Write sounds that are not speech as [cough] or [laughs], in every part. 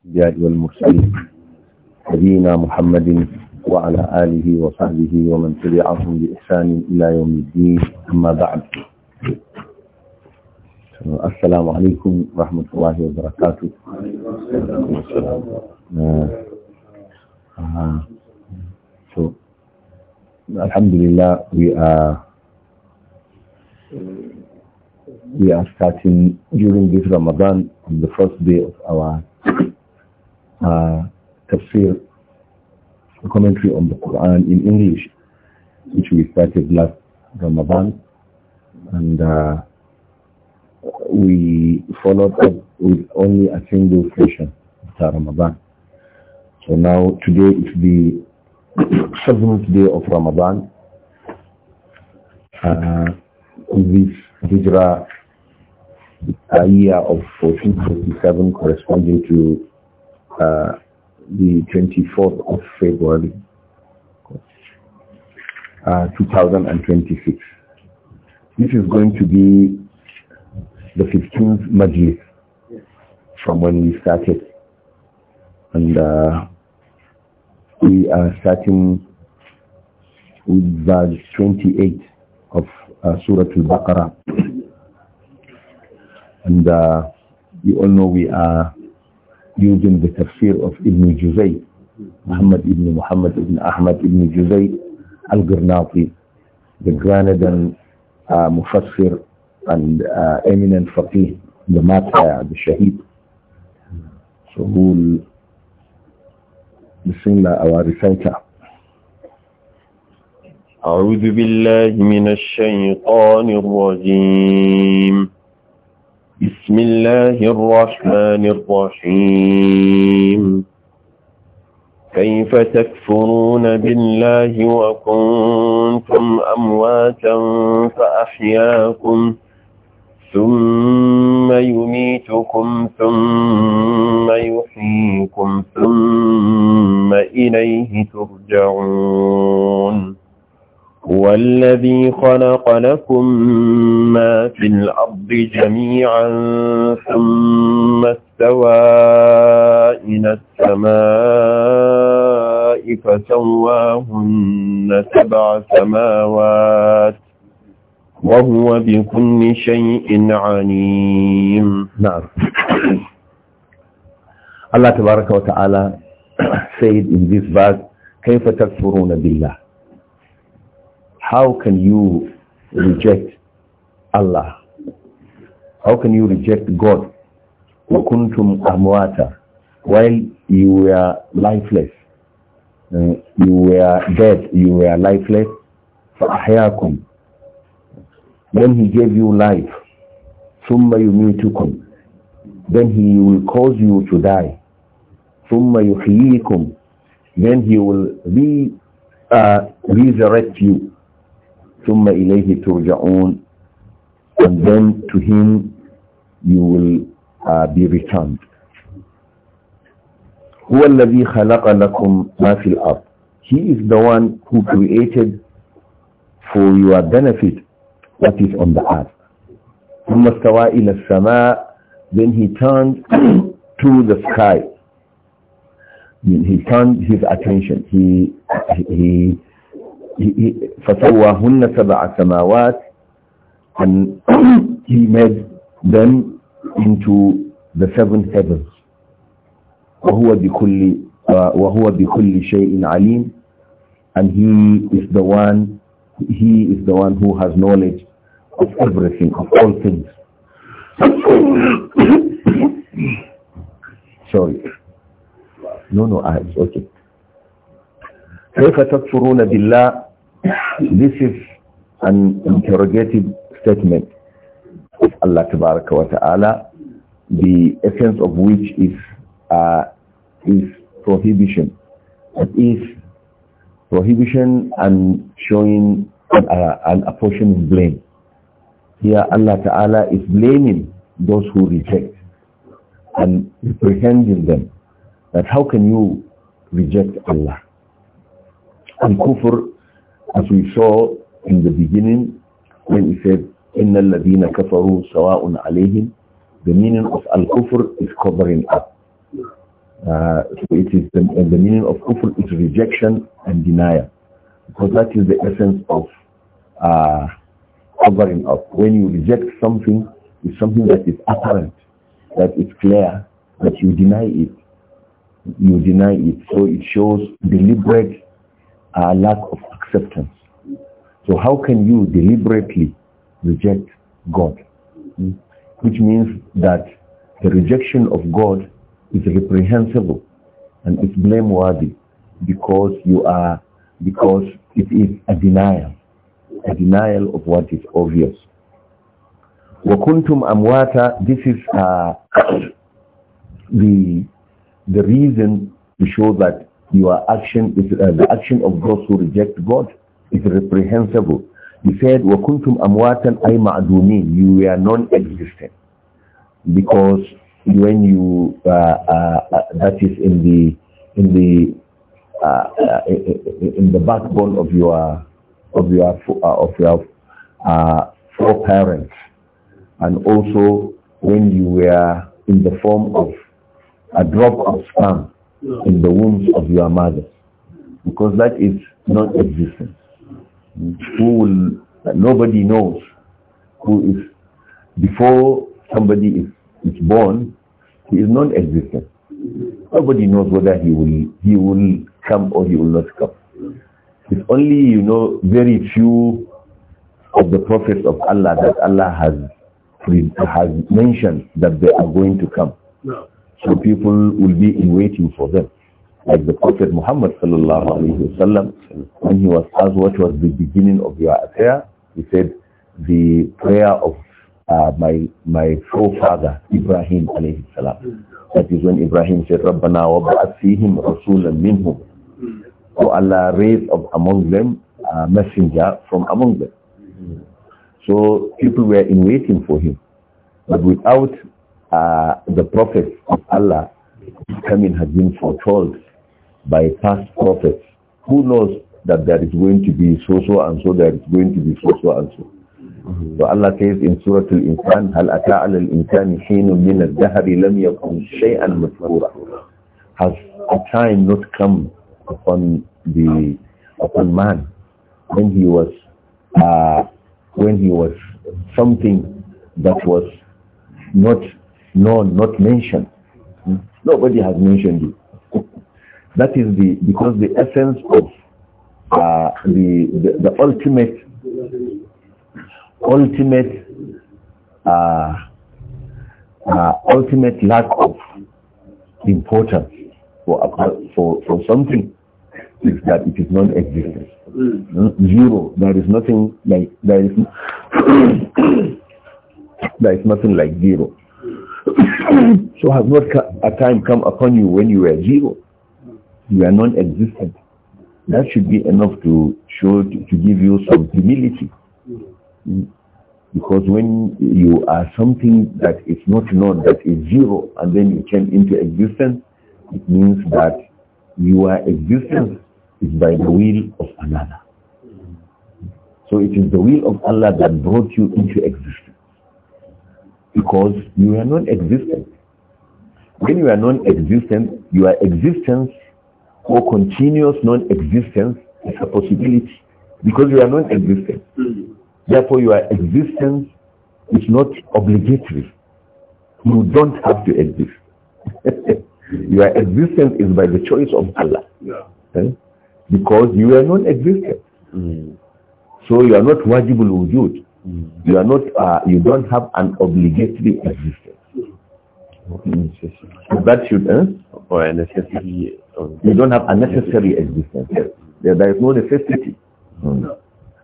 الأنبياء والمرسلين نبينا محمد وعلى آله وصحبه ومن تبعهم بإحسان إلى يوم الدين أما بعد السلام عليكم ورحمة الله وبركاته uh, so, Alhamdulillah, we are we are starting during this Ramadan on the first day of our uh, tafsir, a commentary on the Quran in English, which we started last Ramadan. And uh, we followed up with only a single session after Ramadan. So now today is the [coughs] seventh day of Ramadan. Uh, this Hijra year of 1447 corresponding to the 24th of February, uh, 2026. This is going to be the 15th Majlis from when we started. And uh, we are starting with verse 28 of uh, Surah Al-Baqarah. And uh, you all know we are using the tafsir of Ibn Juzay, Muhammad ibn Muhammad ibn Ahmad ibn Juzay al-Gurnati, the Granadan uh, Mufassir and uh, eminent faqih, the Mataya, the Shaheed. So who بسم الله أوارثيك أعوذ بالله من الشيطان الرجيم بسم الله الرحمن الرحيم كيف تكفرون بالله وكنتم أمواتا فأحياكم ثم يميتكم ثم يحييكم ثم إليه ترجعون هو الذي خلق لكم ما في الأرض جميعا ثم استوى إلى السماء فسواهن سبع سماوات وهو بكل شيء عليم نعم الله تبارك وتعالى سيد إبليس بعد كيف تكفرون بالله How can you reject Allah? How can you reject God? وَكُنْتُمْ أَمْوَاتًا While you were lifeless, uh, you were dead, you were lifeless, فَأَحْيَاكُمْ Then He gave you life. ثُمَّ يُمِيتُكُمْ Then He will cause you to die. ثُمَّ يُحْيِيكُمْ Then He will re, uh, resurrect you. ثُمَّ إِلَيْهِ تُرْجَعُونَ And then to him you will uh, be returned. هُوَ الَّذِي خَلَقَ لَكُمْ مَا فِي الْأَرْضِ He is the one who created for your benefit what is on the earth. ثُمَّ اسْتَوَى إِلَى السَّمَاءِ Then he turned [clears throat] to the sky. He turned his attention. He, he فَسَوَّاهُنَّ سَبْعَ samawat and [clears throat] he made them into the seven heavens. وَهُوَ بِكُلِّ, وهو بكل شَيْءٍ عَلِيمٍ and he is the one he is the one who has knowledge of everything, of all things. [coughs] Sorry. No, no, I, okay. كيف تكفرون بالله this is an interrogative statement of Allah wa ta'ala, the essence of which is, uh, is prohibition. That is prohibition and showing uh, an apportioning blame. Here Allah Ta'ala is blaming those who reject and reprehending them that how can you reject Allah? And kufr as we saw in the beginning when he said, إِنَّ الَّذِينَ كَفَرُوا سَوَاءٌ عَلَيْهِمْ The meaning of al-kufr is covering up. Uh, so it is the, the meaning of kufr is rejection and denial. Because that is the essence of uh, covering up. When you reject something, it's something that is apparent, that is clear, that you deny it. You deny it. So it shows deliberate uh, lack of acceptance. So how can you deliberately reject God? Hmm? Which means that the rejection of God is reprehensible and it's blameworthy because you are, because it is a denial, a denial of what is obvious. Wakuntum [coughs] amwata. This is uh, [coughs] the, the reason to show that your action is uh, the action of those who reject God is reprehensible. He said, وَكُنْتُمْ أَمْوَاتًا أَيْ مَعْدُومِينَ You were non-existent. Because when you, uh, uh, uh that is in the, in the, uh, uh, in the backbone of your, of your, of your four parents. And also when you were in the form of a drop of sperm in the wombs of your mother. Because that is not existent. Who will, nobody knows who is, before somebody is, is born, he is non-existent. Nobody knows whether he will, he will come or he will not come. It's only, you know, very few of the prophets of Allah that Allah has, has mentioned that they are going to come. No. So people will be in waiting for them. Like the Prophet Muhammad sallallahu alayhi wasallam, when he was asked what was the beginning of your affair, he said, the prayer of uh, my my forefather Ibrahim salam. That is when Ibrahim said, Rabbana wa ba'athihim rasulan minhum. So oh Allah raised up among them a messenger from among them. So people were in waiting for him. But without uh, the prophets of Allah coming has been foretold by past prophets. Who knows that there is going to be so-so and so, there is going to be so-so and so. Mm-hmm. So Allah says in Surah Al-Insan, Has a time not come upon the upon man when he was uh, when he was something that was not no, not mentioned. Hmm? Nobody has mentioned it. that is the, because the essence of uh, the, the, the, ultimate, ultimate, uh, uh, ultimate lack of importance for, for, for something is that it is non-existent. Hmm. Hmm? Zero. There is nothing like, there is, [coughs] there is nothing like zero. [coughs] so has not a time come upon you when you were zero. You are non-existent. That should be enough to show, to, to give you some humility. Because when you are something that is not known, that is zero, and then you came into existence, it means that your existence is by the will of another. So it is the will of Allah that brought you into existence because you are non-existent. When you are non-existent, your existence or continuous non-existence is a possibility because you are non-existent. Therefore, your existence is not obligatory. You don't have to exist. [laughs] your existence is by the choice of Allah. Yeah. Eh? Because you are non-existent. Mm. So you are not wajibul wujud. You are not, uh, you don't have an obligatory existence. that should, uh, eh? or a uh, you don't have a necessary existence. There, there is no necessity. Mm.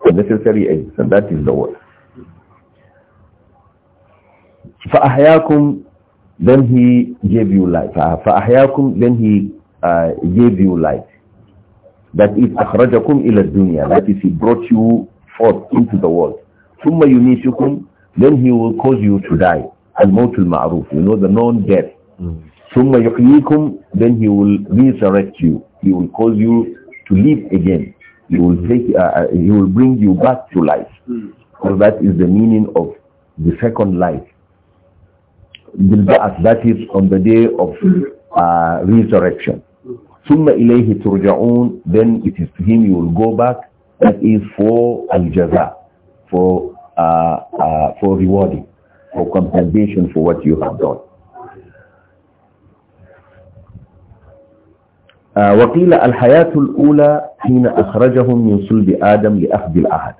A necessary existence, that is the word. فأحياكم then he gave you life. Uh, فأحياكم then he uh, gave you life. That is أخرجكم إلى الدنيا. That is he brought you forth into the world. ثم يميتكم then he will cause you to die الموت المعروف you know the known death hmm. ثم يحييكم then he will resurrect you he will cause you to live again he will hmm. take uh, uh, he will bring you back to life hmm. so that is the meaning of the second life that is on the day of uh, resurrection ثم إليه ترجعون then it is to him you will go back that is for al-jaza for for rewarding, for compensation for what you have done. وقيل الحياة الأولى حين أخرجهم من صلب آدم لأخذ العهد.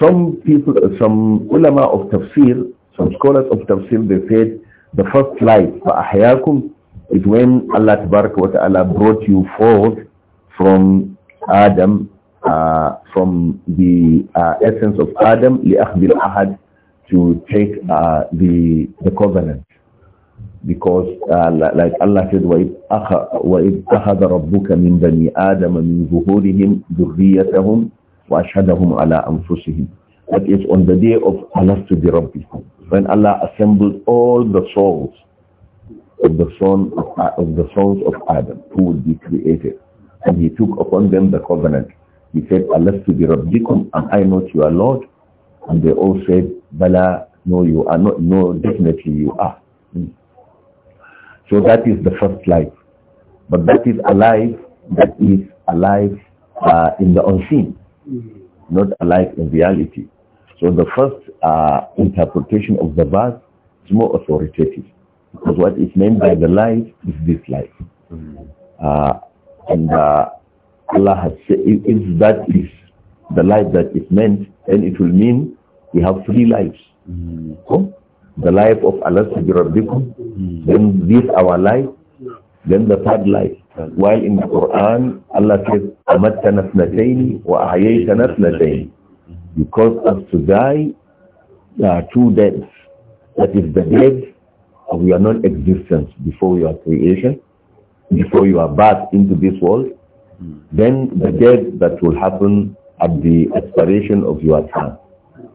Some people, some ulama of tafsir, some scholars of tafsir, they said the first life, فأحياكم, is when Allah brought you forth from Adam uh, from the uh, essence of Adam, لِأَخْذِ ahad to take uh, the, the covenant. Because uh, like Allah said, وَإِذْ أَخَذَ رَبُّكَ مِنْ بَنِي آدَمَ مِنْ ظُهُورِهِمْ ذُرِّيَّتَهُمْ وَأَشْهَدَهُم عَلَىٰ أَنفُسِهِمْ That is on the day of Allah to the Rabbi. When Allah assembled all the souls of the son of, of the sons of Adam who would be created. And he took upon them the covenant. He said, Allah to be Rabbikum, am I not your Lord? And they all said, Bala, no, you are not, no, definitely you are. Mm. So that is the first life. But that is alive, that is alive uh, in the unseen, hmm. not alive in reality. So the first uh, interpretation of the verse is more authoritative. Because what is meant by the life is this life. Hmm. Uh, and uh, Allah has said, if that is the life that is meant, then it will mean we have three lives. Mm. the life of Allah Subhanahu mm. then this our life, then the third life. While in the Quran, Allah says, أَمَتَّنَا اثْنَتَيْنِ وَأَحْيَيْتَنَا اثْنَتَيْنِ You cause us to die, there uh, are two deaths. That is the death of your non-existence before your creation, before you are birth into this world, then the death that will happen at the expiration of your time,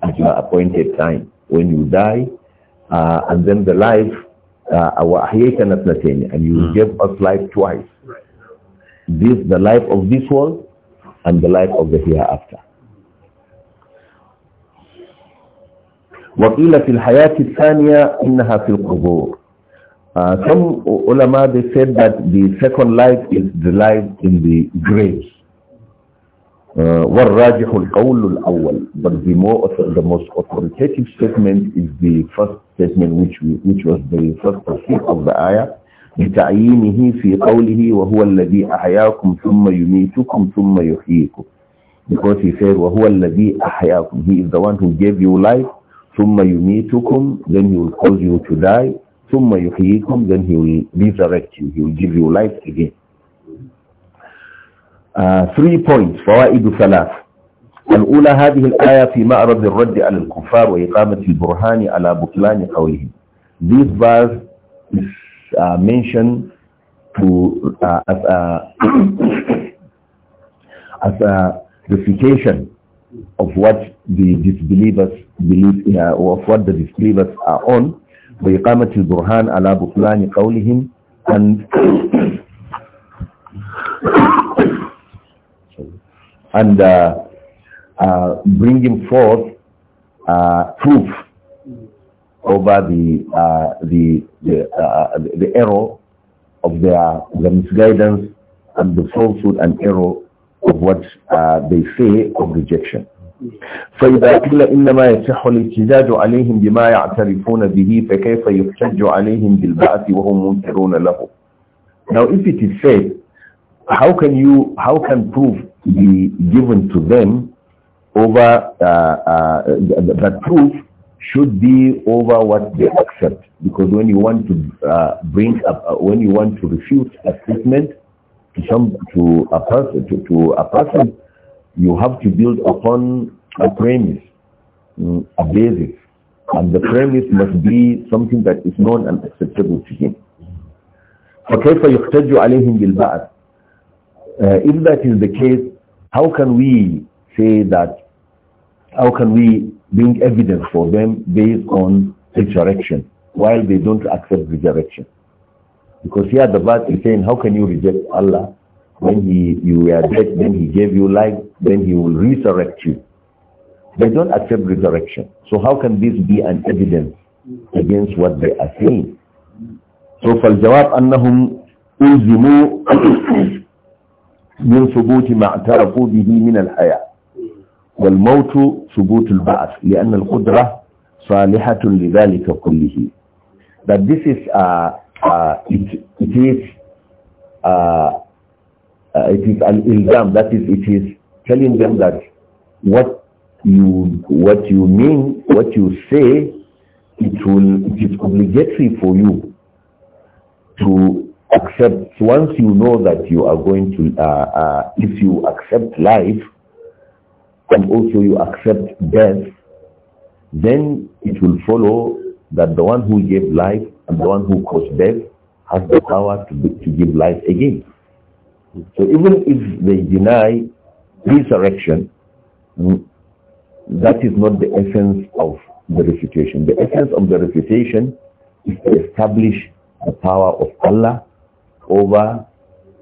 at your appointed time, when you die, uh, and then the life, uh, our ahyaytanat natayni, and you hmm. give us life twice. This, the life of this world, and the life of the hereafter. وقيل في الحياة الثانية إنها في القبور uh, some ulama, they said that the second life is the life in the graves. Uh, وَالرَّاجِحُ الْقَوْلُ الْأَوَّلِ But the, more, the most authoritative statement is the first statement which, we, which was the first tafsir of the ayah. بتعيينه في قوله وهو الذي أحياكم ثم يميتكم ثم يحييكم because he said وهو الذي أحياكم he is the one who gave you life ثم يميتكم then he will cause you to die ثم يحييكم then he will resurrect you he will give you life again uh, three points فوائد ثلاث الأولى هذه الآية في معرض الرد على الكفار وإقامة البرهان على بطلان قولهم this verse is uh, mentioned to uh, as a [coughs] as a refutation of what the disbelievers believe uh, of what the disbelievers are on وإقامة البرهان على بطلان قولهم أن and uh, uh, bringing forth uh, proof over the uh, the the, uh, the error of their the misguidance and the falsehood and error of what uh, they say of rejection. فإذا إنما عليهم بما يعترفون به فكيف يحتج عليهم بالبعث وهم منكرون له Now if it is said, how can you, how can proof be given to them over, uh, uh, that proof should be over what they accept? Because when you want to uh, bring up, uh, when you want to refute a statement to some, to a person, to, to a person, you have to build upon a premise, mm, a basis. And the premise must be something that is known and acceptable to him. فكيف يحتج عليهم بالبعث uh, If that is the case, how can we say that, how can we bring evidence for them based on resurrection while they don't accept resurrection? Because here the verse is saying, how can you reject Allah when he, you were dead, then he gave you life, then he will resurrect you. They don't accept resurrection. So how can this be an evidence against what they are saying? So فالجواب أنهم ألزموا [coughs] من ثبوت ما اعترفوا به من الحياة والموت ثبوت البعث لأن القدرة صالحة لذلك كله that this is uh, uh, it, it is uh, uh, it is an ilzam, that is, it is telling them that what you, what you mean, what you say, it will, it is obligatory for you to accept, once you know that you are going to, uh, uh, if you accept life, and also you accept death, then it will follow that the one who gave life and the one who caused death has the power to, to give life again. So even if they deny resurrection, mm, that is not the essence of the refutation. The essence of the refutation is to establish the power of Allah over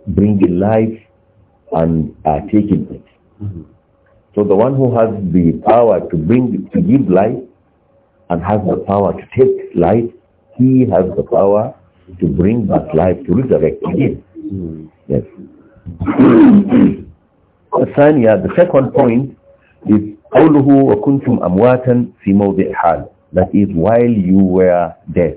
bringing life and uh, taking it. Mm -hmm. So the one who has the power to bring, to give life and has the power to take life, he has the power to bring back life, to resurrect again. Mm -hmm. Yes. الثانية [coughs] the second point is قوله وكنتم أمواتا في موضع حال that is while you were dead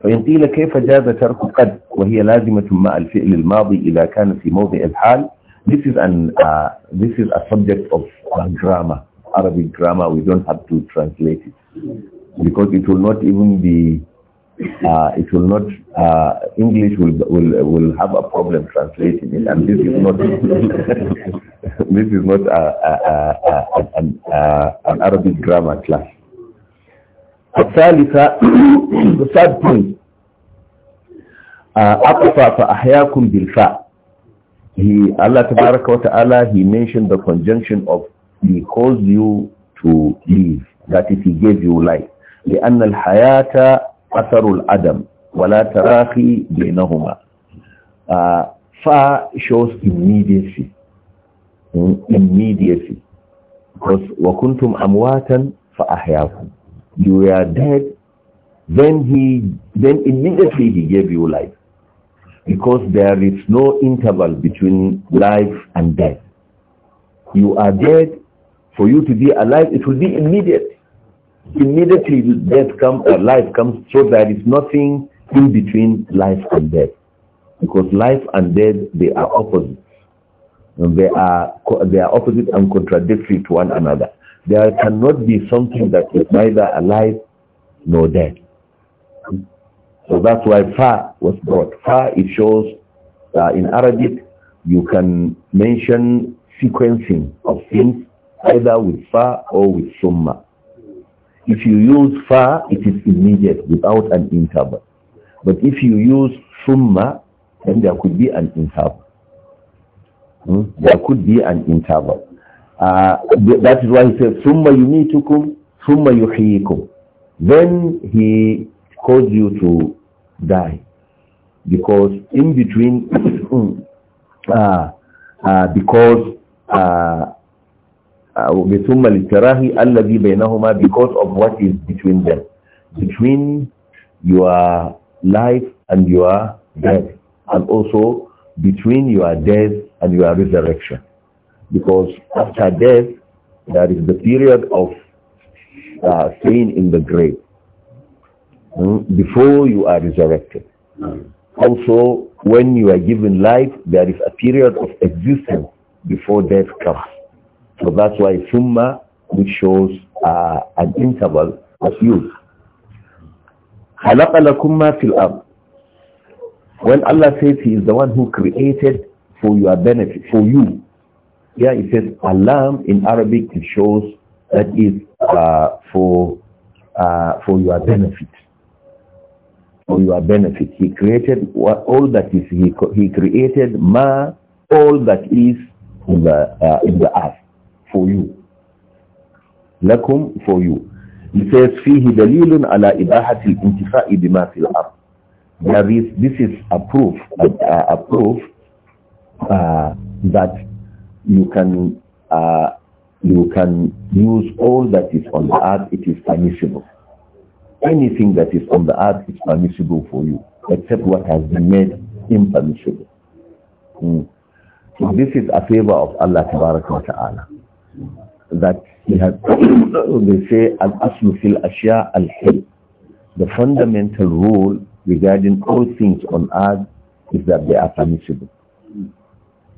فإن قيل كيف جاز ترك قد وهي لازمة مع الفعل الماضي إذا كان في موضع الحال this is an uh, this is a subject of uh, grammar Arabic grammar we don't have to translate it because it will not even be uh, it will not, uh, English will, will, will have a problem translating it, and this is not, [laughs] this is not a, a, a, an, uh, an Arabic grammar class. [coughs] the third point uh, أطفى he Allah wa ta'ala he mentioned the conjunction of he calls you to live that is he gave you life لأن الحياة qasarul adam wala tarahi bainahuma fa shows immediacy hmm? immediacy because wa kuntum amwatan fa ahyaakum you are dead then he then immediately he gave you life because there is no interval between life and death you are dead for you to be alive it will be immediate immediately death comes or uh, life comes so there is nothing in between life and death because life and death they are opposite and they are they are opposite and contradictory to one another there cannot be something that is neither alive nor dead so that's why fa was brought fa it shows uh, in arabic you can mention sequencing of things either with fa or with summa if you use fa, it is immediate without an interval. But if you use summa, then there could be an interval. Hmm? There could be an interval. Uh, that is why he says, summa yumitukum, summa yuhiyikum. Then he caused you to die. Because in between, [coughs] uh, uh, because uh, بثم للتراه الذي بينهما because of what is between them between your life and your death and also between your death and your resurrection because after death there is the period of uh, staying in the grave mm, before you are resurrected also when you are given life there is a period of existence before death comes so that's why summa, which shows uh, an interval, of use. خَلَقَ لَكُمْ مَا فِي الْأَرْضِ When Allah says He is the one who created for your benefit, for you. Here it says alam in Arabic, it shows that is uh, for, uh, for your benefit. For your benefit. He created what, all that is, he, he created ma, all that is in the, uh, in the earth for you. Lakum for you. He says, فيه دليل على إباحة الانتفاع بما في الأرض. There is, this is a proof, a, a proof uh, that you can uh, you can use all that is on the earth, it is permissible. Anything that is on the earth is permissible for you, except what has been made impermissible. Mm. So this is a favor of Allah Ta'ala that he had, [coughs] they say, al-aslu fil ashya al-hil. The fundamental rule regarding all things on earth is that they are permissible.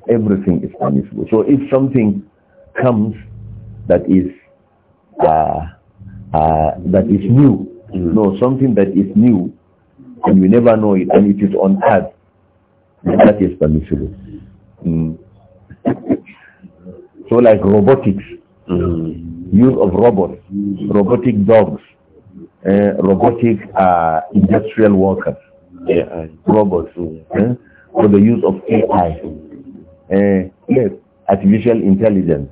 Everything is permissible. So if something comes that is uh, uh, that is new, mm. no, something that is new, and you never know it, and it is on earth, that is permissible. Mm. [laughs] So like robotics, mm. use of robots, robotic dogs, uh, robotic uh, industrial workers, yeah. robots, uh, for the use of AI, uh, eh, yes, artificial intelligence.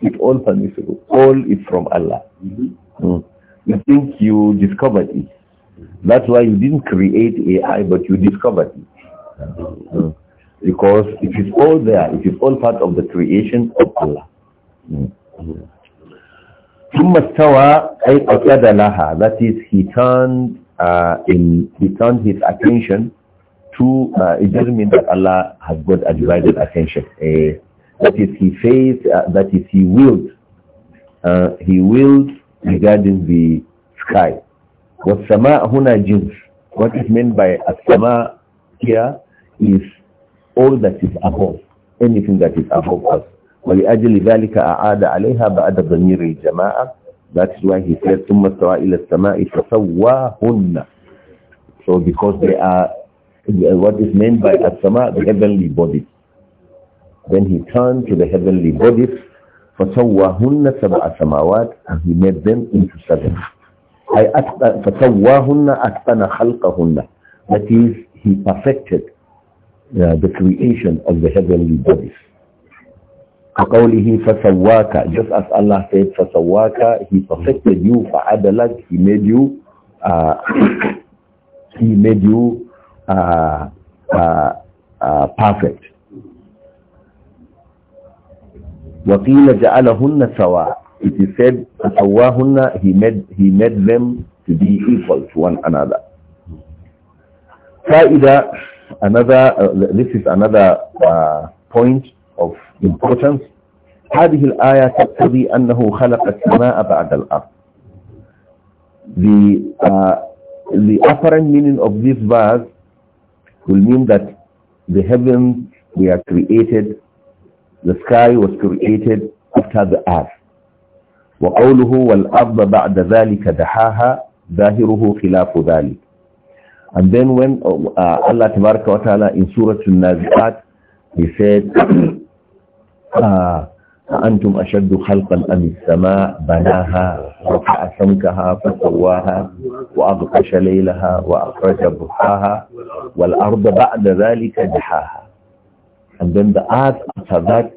It's all permissible. All is from Allah. Mm-hmm. Mm. You think you discovered it. That's why you didn't create AI, but you discovered it. Mm-hmm. Mm. Because it is all there. It is all part of the creation of Allah. ثم استوى أي قصد لها that is he turned uh, in he turned his attention to uh, it doesn't mean that Allah has got a divided attention uh, that is he faced that is he willed uh, he willed regarding the sky والسماء هنا جنس what is meant by السماء here is all that is above, anything that is above us. ولأجل ذلك أعاد عليها بعد ضمير الجماعة That is why he said ثم استوى إلى السماء فسواهن So because they are what is meant by as the heavenly bodies. Then he turned to the heavenly bodies فسواهن سبع سماوات and he made them into seven. فسواهن أتقن خلقهن That is, he perfected uh, the creation of the heavenly bodies. فَسَوَّاكَ Just as Allah said, فَسَوَّاكَ He perfected you, فَعَدَلَكَ He made you, uh, [clears throat] He made you uh, uh, uh, perfect. وَقِيلَ جَعَلَهُنَّ سَوَاءَ It is said, فَسَوَّاهُنَّ He made, he made them to be equal to one another. فَإِذَا another, this is another point of importance. هذه الآية تقتضي أنه خلق السماء بعد الأرض. The, uh, the apparent meaning of this verse will mean that the heavens were created, the sky was created after the earth. وقوله والأرض بعد ذلك دحاها ظاهره خلاف ذلك. And then when uh, Allah Tabaraka wa Ta'ala in Surah Al-Nazi'at, He said, أنتم أشد خلقا أم السماء بناها رفع سمكها فسواها وأغطش ليلها وأخرج بُحَاهَا والأرض بعد ذلك جِحَاهَا And then the earth after that,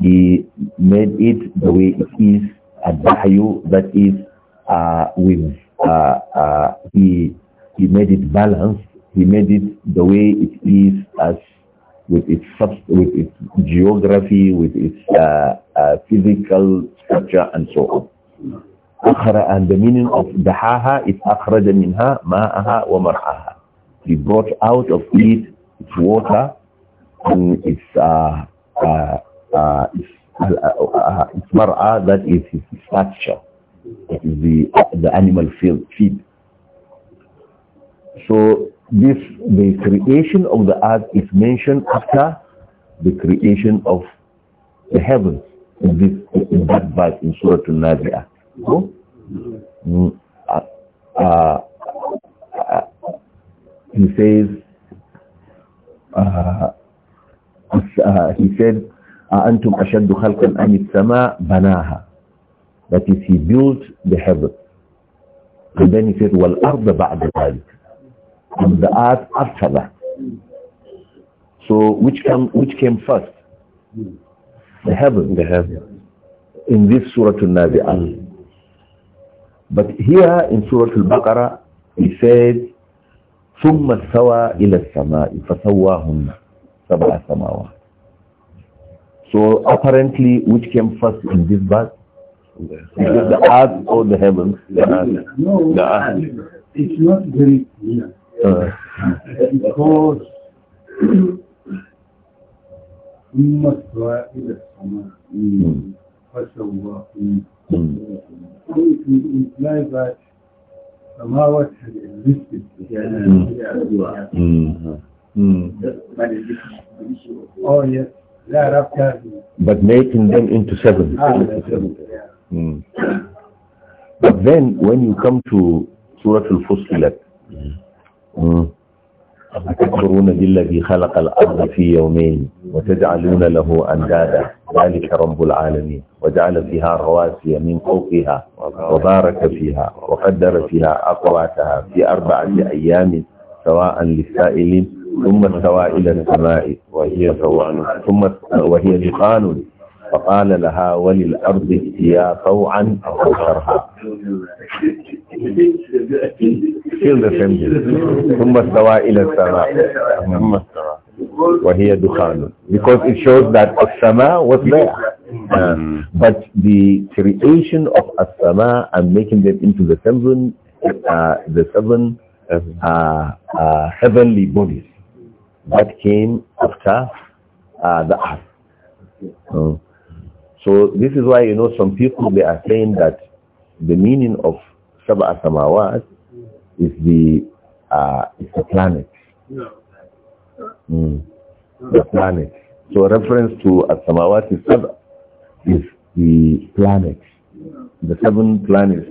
He made it the way it is a Dahyu, that is uh, with, uh, uh, He He made it balanced. He made it the way it is as with its, with its geography, with its uh, uh, physical structure and so on. and the meaning of دحاها is أخرج منها ماءها ومرعاها. He brought out of it its water and its uh, uh, uh its, uh, its mar'a that is its structure. It is the the animal field feed. So this, the creation of the earth is mentioned after the creation of the heavens in, this, in that verse in Surah Al-Nazi'ah. Oh? Mm. Uh, uh, uh, he says, uh, uh, he said, أَنْتُمْ أَشَدُّ خَلْقًا أَمِ السَّمَاء بَنَاهَا That is, he built the heaven. And then he said, وَالْأَرْضَ بَعْدَ ذَلِكَ on the earth after that. So which came, which came first? The heaven. The heaven. In this Surah Al-Nazi'ah. But here in Surah Al-Baqarah, he said, ثم استوى إلى السماء فسواهن سبع سماوات So apparently, which came first in this verse? Yes. The earth or the heavens? The earth. No, the earth. it's not very clear because ثم استوى إلى السماء فسواهن it implies that samawat had existed oh yes thereafter but making them into seven, ah, hmm. but then when you come to Surah al fusilat mm. Mm-hmm. أتكفرون بالذي خلق الأرض في يومين وتجعلون له أندادا ذلك رب العالمين وجعل فيها رواسي من فوقها وبارك فيها وقدر فيها أقواتها في أربعة أيام سواء للسائلين ثم استوى إلى السماء وهي ثم وهي دخان فقال لها وللأرض اتيا طوعا أو كرها Still the same ثم استوى إلى السماء ثم استوى وهي دخان because it shows that السماء was there um, but the creation of السماء and making them into the seven uh, the seven uh, uh, heavenly bodies that came after the earth. So this is why, you know, some people, they are saying that the meaning of Sab'a Samawat is the, uh, is the planet. Mm. The planet. So reference to asamawat samawat is is the planets, the seven planets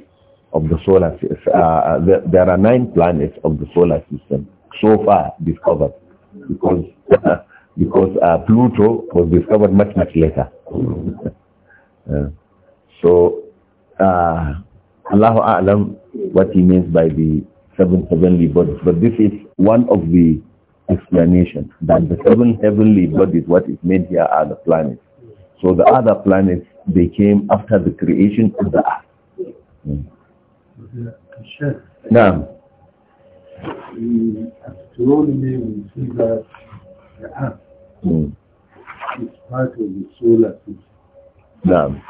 of the solar system. Uh, uh, there, there, are nine planets of the solar system so far discovered because [laughs] because uh, Pluto was discovered much, much later. [laughs] Uh, so, uh, Allahu A'lam what he means by the seven heavenly bodies. But this is one of the explanations, that the seven heavenly bodies, what is made here are the planets. So the other planets, they came after the creation of the earth. Mm. Now, in astronomy, we see that the earth mm. is part of the solar system. No.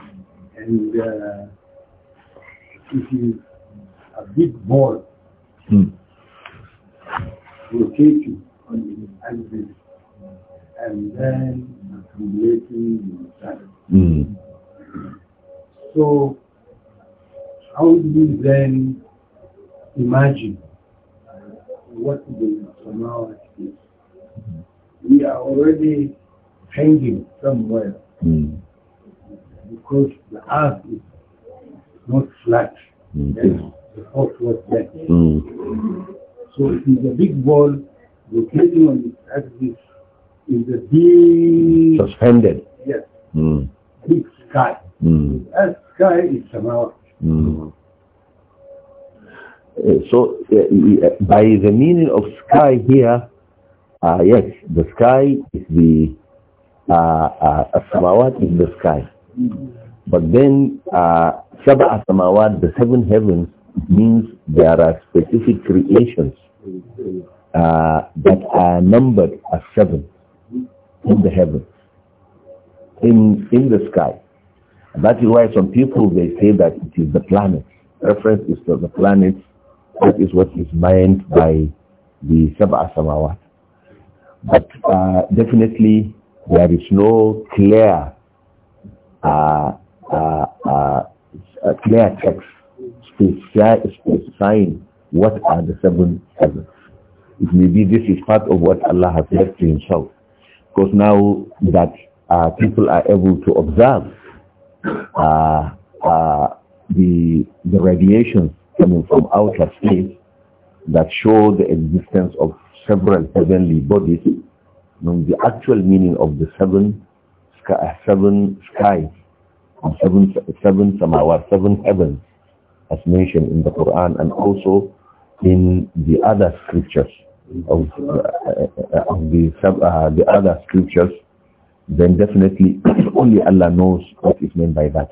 And uh, it is a big ball mm. rotating on the axis and then accumulating the sun. Mm. So how do you then imagine what the tonality we are already hanging somewhere mm. because the earth is not flat. Mm. That's the thought was that. Mm. So it is a big ball rotating on its axis in the deep... Suspended. Yes. Mm. Big sky. Mm. As sky is somehow... Mm. Eh, so uh, by the meaning of sky here, Uh, yes, the sky is the uh, uh, samawat is the sky. But then uh, Samawat, the seven heavens, means there are specific creations uh, that are numbered as seven in the heavens, in, in the sky. And that is why some people, they say that it is the planets. Reference is to the planets. That is what is meant by the Shaba Samawat. But uh, definitely there is no clear uh, uh, uh clear text specifying what are the seven heavens. It may be this is part of what Allah has left to himself. Because now that uh, people are able to observe uh, the, the radiations coming from outer space that show the existence of several heavenly bodies, Now, the actual meaning of the seven, sky, uh, seven skies, seven, seven samawar, seven heavens, as mentioned in the Quran and also in the other scriptures of, uh, uh, uh of the, uh, the other scriptures, then definitely [clears throat] only Allah knows what is meant by that.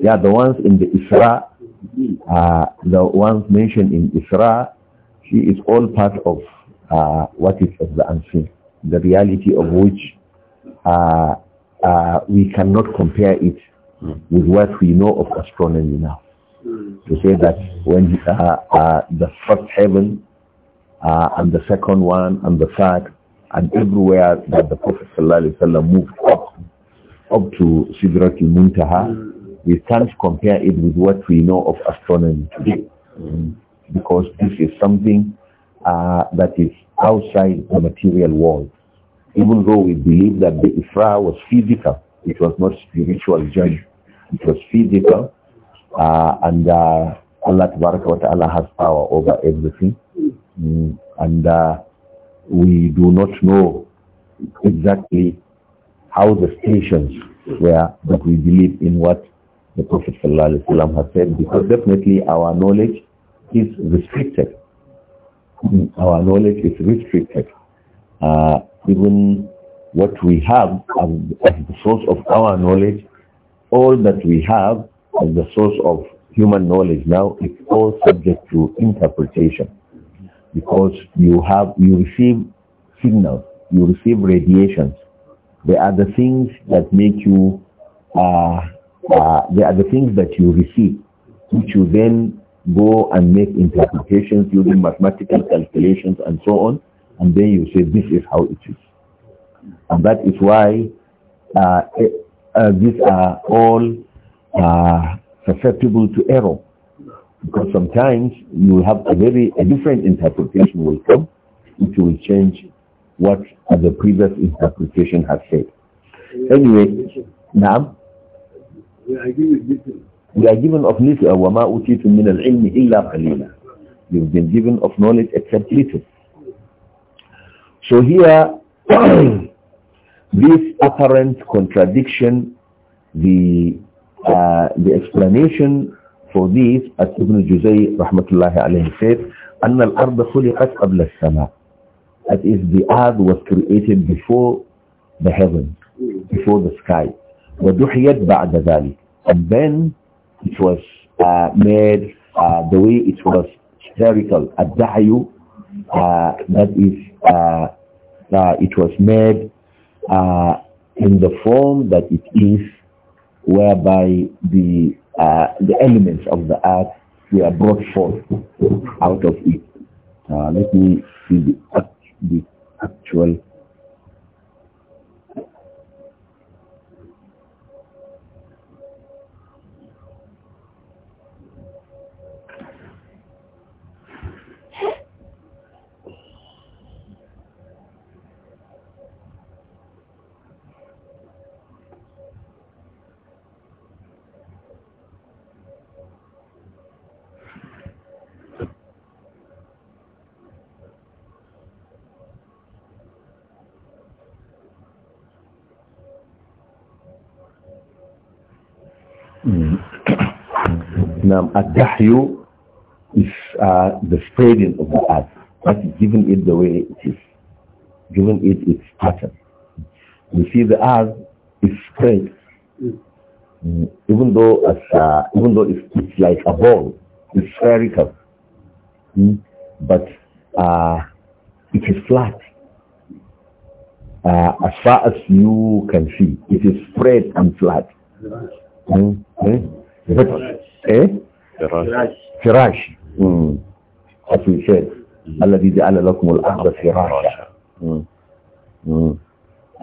Yeah, the ones in the Isra, uh, the ones mentioned in Isra, she is all part of uh, what is of the unseen, the reality of which uh, uh, we cannot compare it with what we know of astronomy now. To say that when uh, uh, the first heaven uh, and the second one and the third and everywhere that the Prophet ﷺ moved up, up to Sidratul Muntaha, we can't compare it with what we know of astronomy today. Mm-hmm. Because this is something uh, that is outside the material world. Even though we believe that the Ifra was physical, it was not spiritual journey. It was physical, uh, and uh, Allah wa ta'ala has power over everything. Mm, and uh, we do not know exactly how the stations were, but we believe in what the Prophet ﷺ has said, because definitely our knowledge is restricted. Mm, our knowledge is restricted. Uh, even what we have as, as, the source of our knowledge, all that we have as the source of human knowledge now is all subject to interpretation. Because you have, you receive signals, you receive radiations. They are the things that make you, uh, uh, they are the things that you receive, which you then go and make interpretations using mathematical calculations and so on, and then you say this is how it is. And that is why uh, eh, uh, these are all uh, susceptible to error. Because sometimes you have a very a different interpretation will come, which will change what the previous interpretation has said. Anyway, now. Yeah, I We are given of little, وَمَا أُوتِيتُم مِّنَ الْعِلْمِ إِلَّا قَلِيلًا You've been given of knowledge except little. So here, this apparent contradiction, the, uh, the explanation for this, as Ibn Juzay, rahmatullahi alayhi, said, أَنَّ الْأَرْضَ خُلِقَتْ قَبْلَ السَّمَاءِ That is, the earth was created before the heaven, before the sky. وَدُحِيَتْ بَعْدَ ذَلِكَ And then It was uh, made uh, the way it was spherical. a dayu uh, that is, uh, uh, it was made uh, in the form that it is, whereby the, the elements of the earth were brought forth out of it. let me see the, the actual Now, Adahyu is uh, the spreading of the earth. but giving it the way it is, giving it its pattern. You see, the earth is spread, mm, even though it's, uh, even though it's, it's, like a ball, it's spherical, mm, but uh, it is flat. Uh, as far as you can see, it is spread and flat. Mm, mm. بفطر ايه فراش فراش امم اصل شيء الذي جعل لكم الارض فراشا امم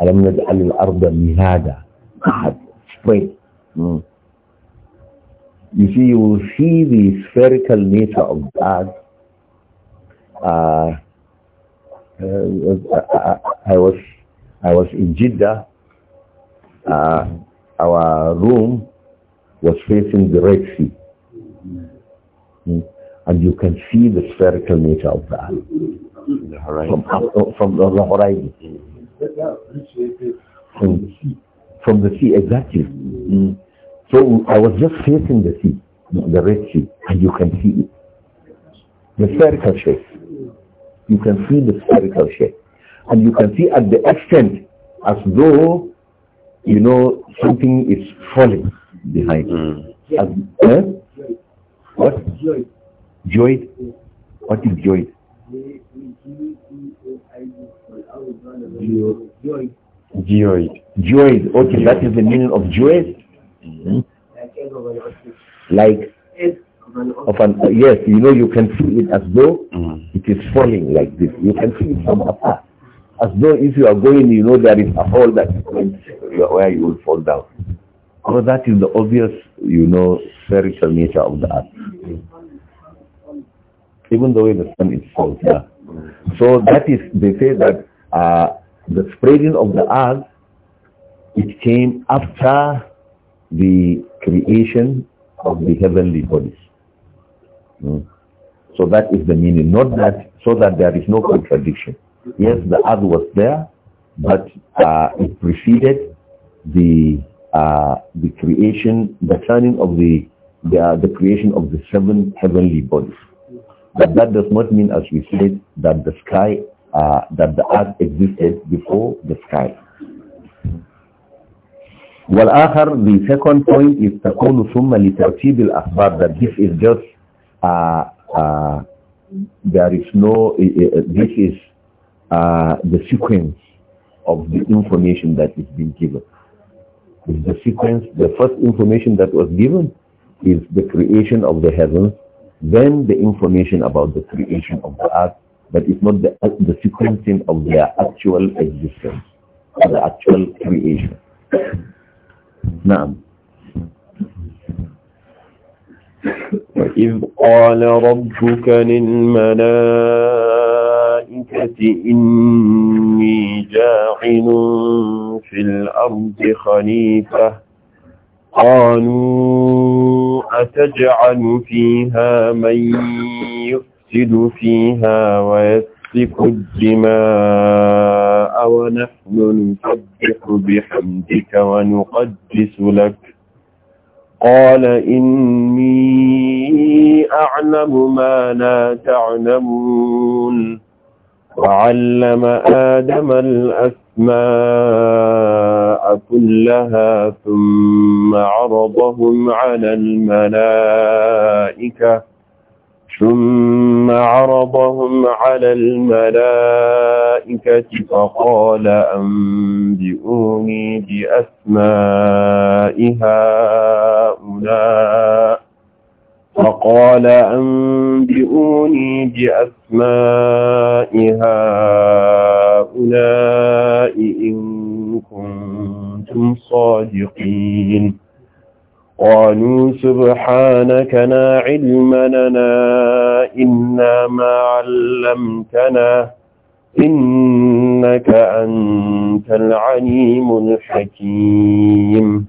الم نجعل الارض مهادا احد straight you see you will see the spherical nature of that uh, uh, I was I was in Jeddah uh, our room was facing the Red Sea. Mm. And you can see the spherical nature of that the from, up, from the horizon. From, hmm? from the sea, exactly. Mm. So I was just facing the sea, the Red Sea, and you can see it. The spherical shape. You can see the spherical shape. And you can see at the extent as though, you know, something is falling behind. Mm. As, eh? What? Joy. What is joy? Joy. Joy. Joy. Okay, that is the meaning of joy. Mm -hmm. Like of an uh, yes, you know you can feel it as though mm. it is falling like this. You can feel it from afar. As though if you are going, you know there is a hole that where you will fall down. Because that is the obvious, you know, spiritual nature of the earth. Even the way the sun itself, yeah. So that is, they say that uh, the spreading of the earth, it came after the creation of the heavenly bodies. Mm. So that is the meaning, not that, so that there is no contradiction. Yes, the earth was there, but uh, it preceded the uh, the creation, the turning of the, the, uh, the creation of the seven heavenly bodies. But that does not mean, as we said, that the sky, uh, that the earth existed before the sky. Well, والآخر, the second point is تقول ثم لترتيب الأخبار that this is just uh, uh, there is no uh, uh this is uh, the sequence of the information that is being given is the sequence, the first information that was given is the creation of the heavens, then the information about the creation of the earth, but it's not the, the sequencing of their actual existence, the actual creation. [coughs] Naam. وإذ قال ربك للملائكة إني جاعل في الأرض خليفة قالوا أتجعل فيها من يفسد فيها ويسفك الدماء ونحن نسبح بحمدك ونقدس لك قال إني أعلم ما لا تعلمون وعلم آدم الأسماء كلها ثم عرضهم على الملائكة ثم عرضهم على الملائكة فقال أنبئوني بأسماء هؤلاء فقال أنبئوني بأسماء هؤلاء إن كنتم صادقين قالوا سبحانك لا علم لنا إلا ما علمتنا إنك أنت العليم الحكيم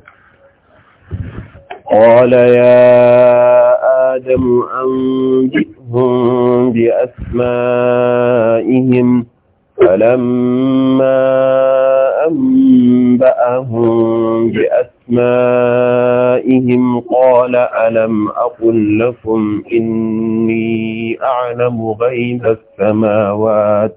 قال يا آدم أنبئهم بأسمائهم فلما أنبأهم بأسمائهم أسمائهم قال ألم أقل لكم إني أعلم غيب السماوات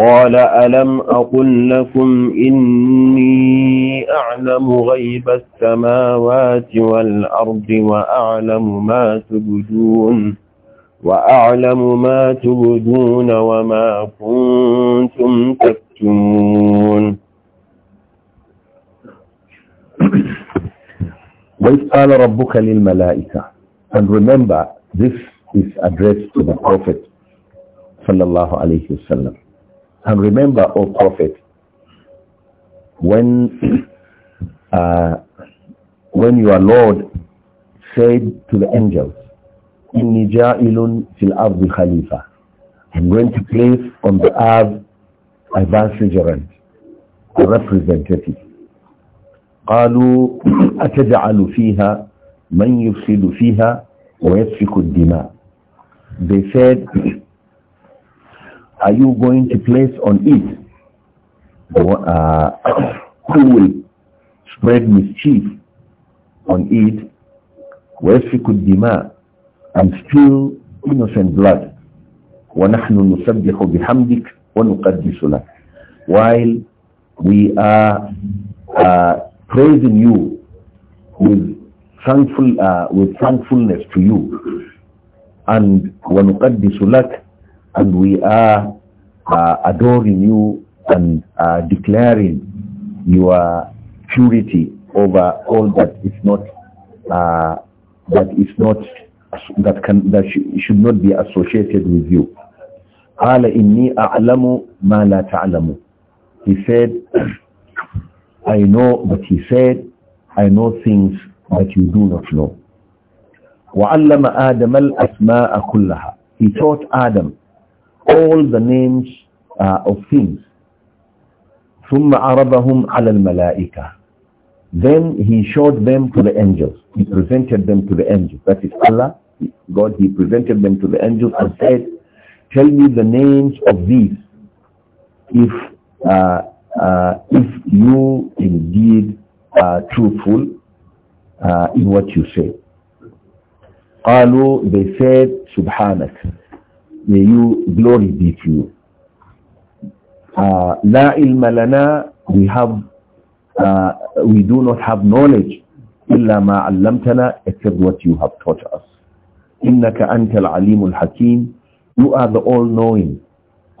قال ألم أقل لكم إني أعلم غيب السماوات والأرض وأعلم ما تبدون وأعلم ما تبدون وما كنتم تكتمون رَبُّكَ لِلْمَلَائِكَةِ And remember, this is addressed to the Prophet sallallahu And remember, O Prophet, when [clears throat] uh, when your Lord said to the angels, "Inni ja'ilun fil ardi khalifa," I'm going to place on the earth a vicegerent, a representative. قالوا أتجعل فيها من يفسد فيها ويسفك الدماء They said, are you going to place on it uh, who will spread mischief on it ويسفك الدماء and spill innocent blood ونحن نسبح بحمدك ونقدس لك while we are uh, praising you with thankful uh, with thankfulness to you and وَنُقَدِّسُ لَكَ and we are uh, adoring you and uh, declaring your purity over all that is not uh, that is not that can that sh should not be associated with you. قال إني أعلم ما لا تعلم. He said I know what he said, I know things that you do not know. وَعَلَّمَ آدَمَ الْأَسْمَاءَ كُلَّهَا He taught Adam all the names uh, of things. ثُمَّ عَرَضَهُمْ عَلَى الْمَلَائِكَةِ Then he showed them to the angels. He presented them to the angels. That is Allah, God, he presented them to the angels and said, tell me the names of these. If uh, uh, if you indeed are truthful uh, in what you say. قالوا, they said, Subhanak, may you, glory be to you. Uh, il ilma lana, we have, uh, we do not have knowledge, illa ma allamtana, except what you have taught us. Innaka anta al-alimul hakim, you are the all-knowing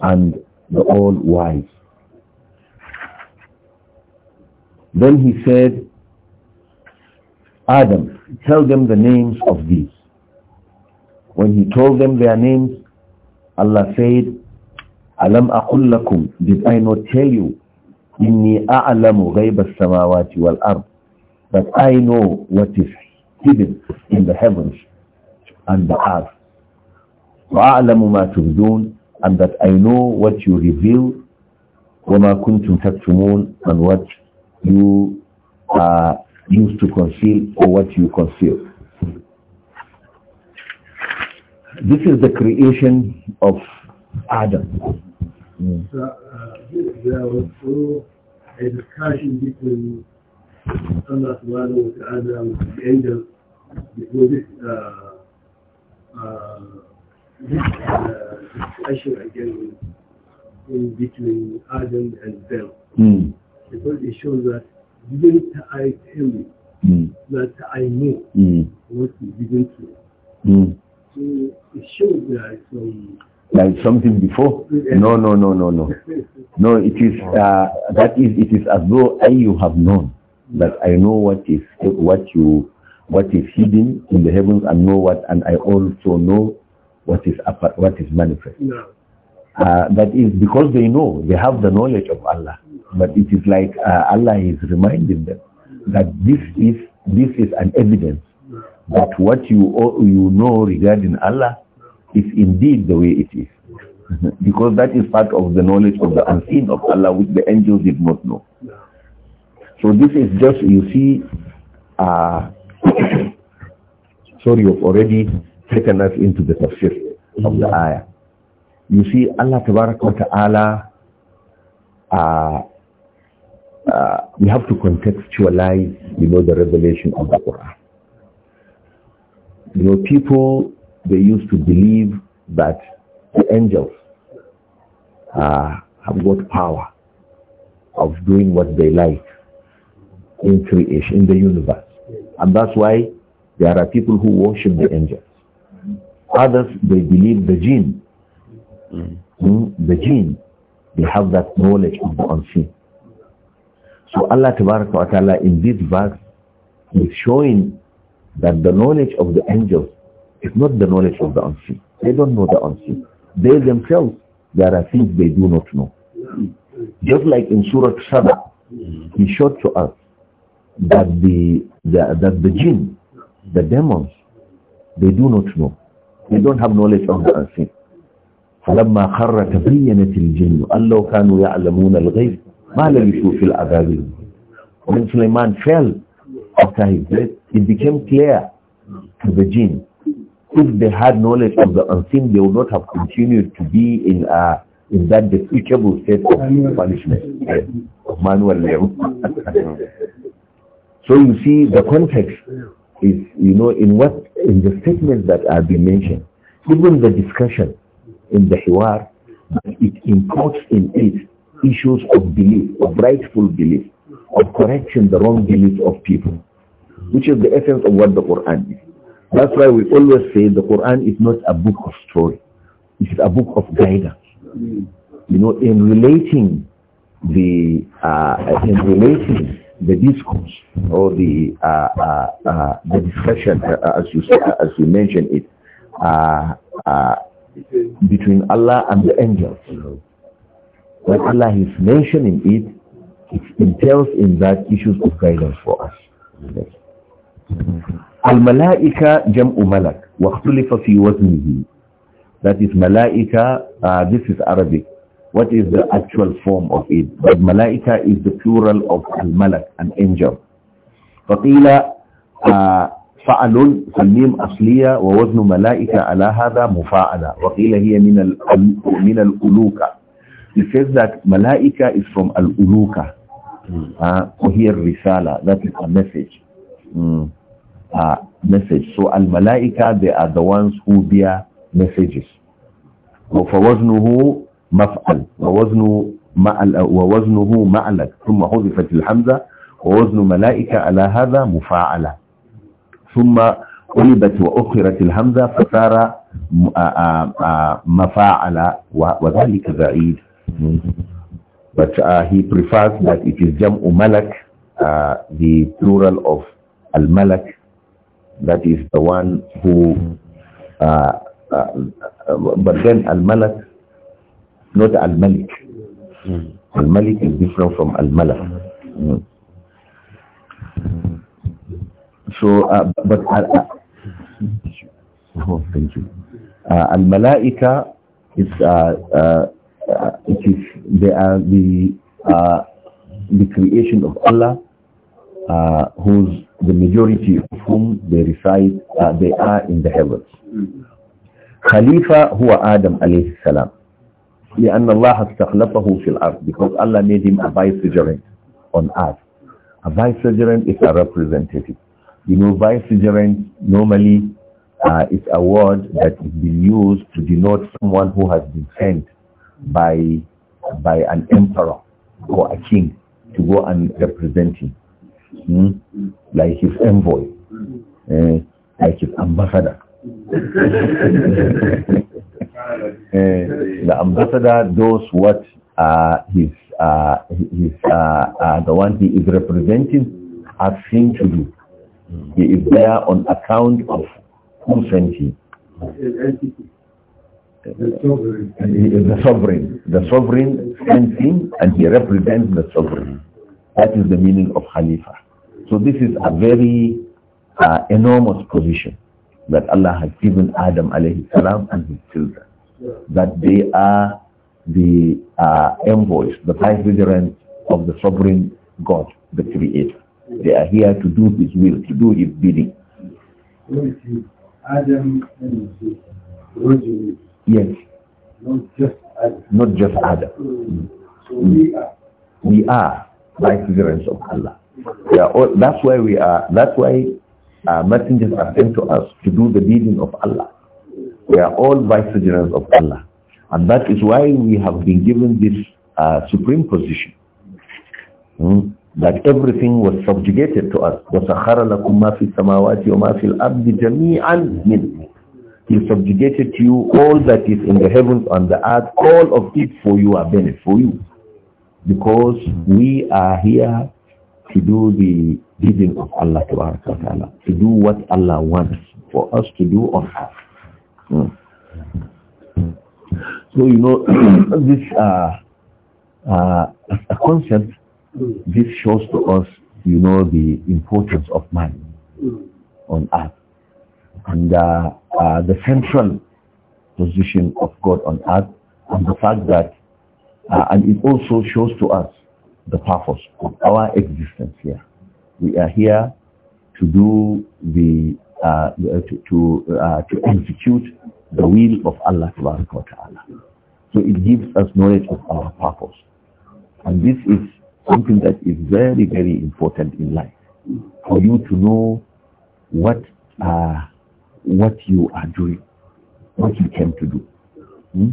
and the all-wise. Then he said, Adam, tell them the names of these. When he told them their names, Allah said, Alam aqul lakum, did I not tell you, inni a'lamu ghayba samawati wal ard, that I know what is hidden in the heavens and the earth. وَأَعْلَمُ مَا تُبْدُونَ And that I know what you reveal, وَمَا كُنْتُمْ تَكْتُمُونَ And what you uh, used to conceal or what you conceal. This is the creation of Adam. Mm. So, uh, there was a discussion between Allah subhanahu wa ta'ala and the angel before this, uh, uh, this uh, discussion again in between Adam and them. Mm because it shows that didn't I tell you mm. that I know mm. what you didn't know? Hmm. So it shows that some like something before? No, no, no, no, no. No, it is uh, that is it is as though I you have known that I know what is what you what is hidden in the heavens and know what and I also know what is what is manifest. Uh, that is because they know they have the knowledge of Allah. But it is like uh, Allah is reminding them that this is, this is an evidence that what you, you know regarding Allah is indeed the way it is. [laughs] because that is part of the knowledge of the unseen of Allah which the angels did not know. So this is just, you see, uh, [coughs] sorry, you've already taken us into the tafsir of the ayah. You see, Allah Ta'ala uh, uh, we have to contextualize, you know, the revelation of the Quran. You know, people, they used to believe that the angels uh, have got power of doing what they like in creation, in the universe. And that's why there are people who worship the angels. Others, they believe the jinn. Mm. Mm, the jinn, they have that knowledge of the unseen. So Allah wa ta'ala in this verse is showing that the knowledge of the angels is not the knowledge of the unseen. They don't know the unseen. They themselves, there are things they do not know. Just like in Surah Sada, he showed to us that the, the that the jinn, the demons, they do not know. They don't have knowledge of the unseen. فلما خر تبينت الجن أن كانوا يعلمون الغيب Malami fil Agabin. When Suleiman fell after his death, it became clear to the jinn. If they had knowledge of the unseen, they would not have continued to be in a uh, in that despicable state of punishment, eh, of manual level. [laughs] so you see, the context is, you know, in what, in the statements that have been mentioned, even the discussion in the Hiwar, it imports in it issues of belief, of rightful belief, of correction the wrong beliefs of people, which is the essence of what the Quran is. That's why we always say the Quran is not a book of story. It is a book of guidance. You know, in relating the uh, uh in relating the discourse or the uh, uh, uh the discussion, uh, as you as you mentioned it, between Allah and the angels When Allah is mentioned in it, it entails in that issues of guidance for us. Al-malaika jam'u malak wa ikhtulifa fi waznihi. That is malaika, uh, this is Arabic. What is the actual form of it? But malaika is the plural of al-malak, an angel. فقيل فعل فالميم أصلية ووزن ملائكة على هذا مفاعلة وقيل هي من من الألوكة He says that Malaika is from Al-Uluka, uh, so here Risala, that is a message. Mm, uh, message. So Al-Malaika, they are the ones who bear messages. وفوزنه مفعل ووزنه معلك ثم حذفت الحمزة ووزن على هذا ثم قلبت وأخرت وذلك بعيد But uh, he prefers that it is Jam'u Malak, uh, the plural of Al-Malak, that is the one who, uh, uh but then Al-Malak, not Al-Malik. Al-Malik is different from Al-Malak. Mm. So, uh, but oh, [laughs] thank you. Al-Malaika is uh, it is they are the uh, the creation of Allah, uh, whose the majority of whom they reside, uh, they are in the heavens. Khalifa huwa Adam alayhi salam. because Allah made him a vicegerent on earth. A vicegerent is a representative. You know, vicegerent normally uh, is a word that is being used to denote someone who has been sent by, by an emperor or a king to go and represent him, hmm? like his envoy, uh, like his ambassador. uh, [laughs] the ambassador does what uh, his, uh, his uh, the one he is representing asks seen to do. He is there on account of who sent him. The sovereign. The sovereign. The sovereign him and he represents the sovereign. That is the meaning of Khalifa. So this is a very uh, enormous position that Allah has given Adam alayhi salam and his children. That they are the uh, envoys, the vicegerents of the sovereign God, the Creator. They are here to do His will, to do His bidding. Adam and Yes. Not just Adam. Not just Adam. Mm. So we are. We are of Allah. all, that's why we are. That's why uh, messengers are sent to us to do the bidding of Allah. We are all vicegerents of Allah. And that is why we have been given this uh, supreme position. Mm? That everything was subjugated to us. وَسَخَرَ لَكُمْ مَا فِي السَّمَاوَاتِ وَمَا فِي الْأَرْضِ جَمِيعًا مِنْهِ he subjugated to you all that is in the heavens and the earth, all of it for your benefit, for you. Because we are here to do the bidding of Allah Ta'ala, to do what Allah wants for us to do on earth. Mm. So, you know, [clears throat] this uh, uh, a concept, this shows to us, you know, the importance of man on earth and uh, the central position of God on earth and the fact that, uh, and it also shows to us the purpose of our existence here. We are here to do the, uh, uh to, to, uh, to execute the will of Allah subhanahu wa ta'ala. So it gives us knowledge of our purpose. And this is something that is very, very important in life. For you to know what uh, what you are doing, what you came to do. Hmm?